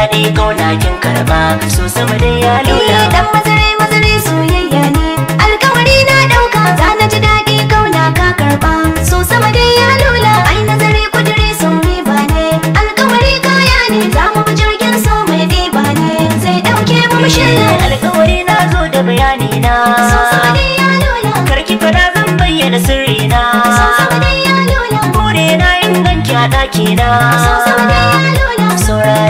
daɗi kauna karba so sama dai ya lula ɗan mazare mazare soyayya ne alkawari na ɗauka za na ji daɗi kauna ka karba so sama dai ya lula ai nazari kudure sun riba ne alkawari kaya ne za mu bi jirgin so mai riba ne zai ɗauke mu shirya alkawari na zo da bayani na so ya lula karki fada zan bayyana sirri na so sama ya lula na a ɗaki na ya lula saurari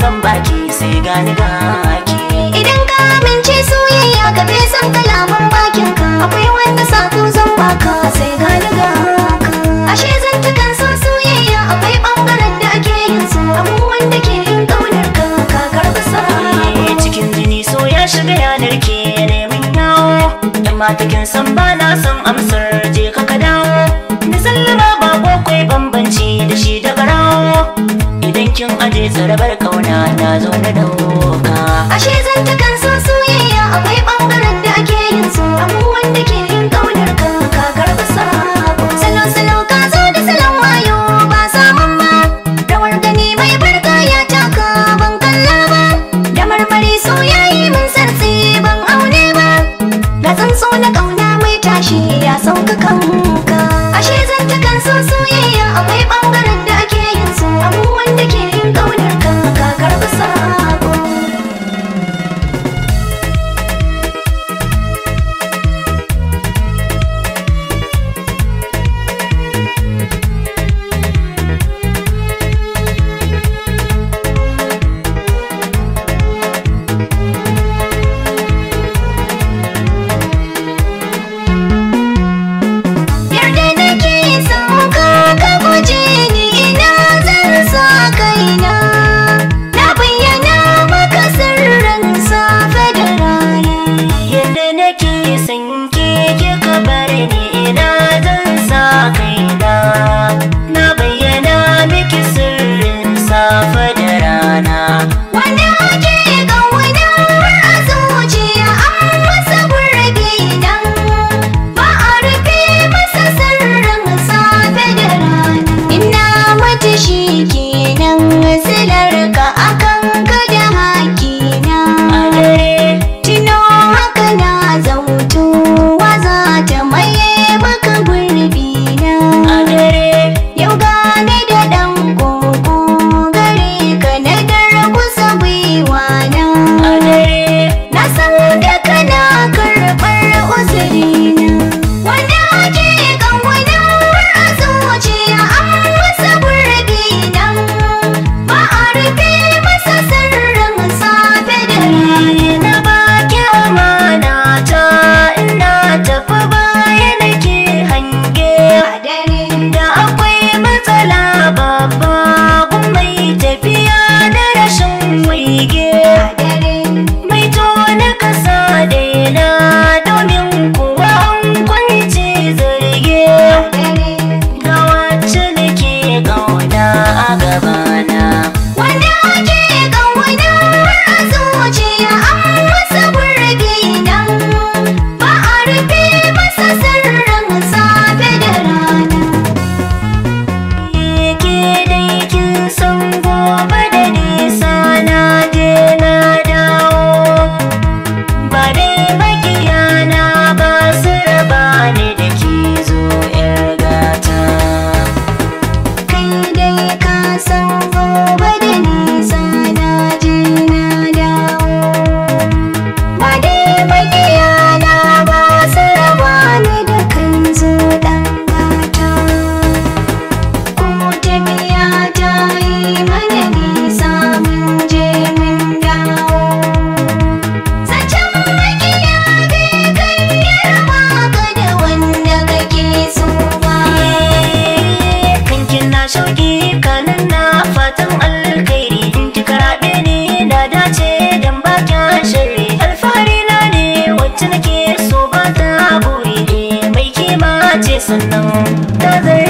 zan baki sai gani gaki idan ka amince soyayya ka bai san kalaman bakin ka akwai wanda sako zan baka sai gani gaka ashe zan ta san soyayya akwai bangaren da ake yin su abubuwan da ke yin kaunar ka ka karba sa'a cikin jini so ya shiga yanar ke neman yawo dan mata kin san ba na san amsar je ka ka dawo na sallama ba ko bambanci da shi da barawo idan kin aje tsarabar na zo na dauka ashe zan ta kan so soyayya akwai bangaren da ake yin su. abu da ke yin kaunar ka ka garba sabo salo salo ka zo da salon wayo ba samun ba rawar gani mai barka ya taka ban kalla ba da marmari soyayi mun sarsi ban aune ba ga tsantso so na kauna mai tashi ya sauka ka. ashe zan ta kan so soyayya akwai bangaren sannan ta zai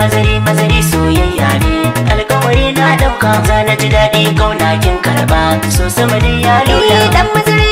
mazari mazari soyayya ne Alƙawari na ɗauka. za na ji daɗi kauna kin karba so sama dai ya eh, dan mazari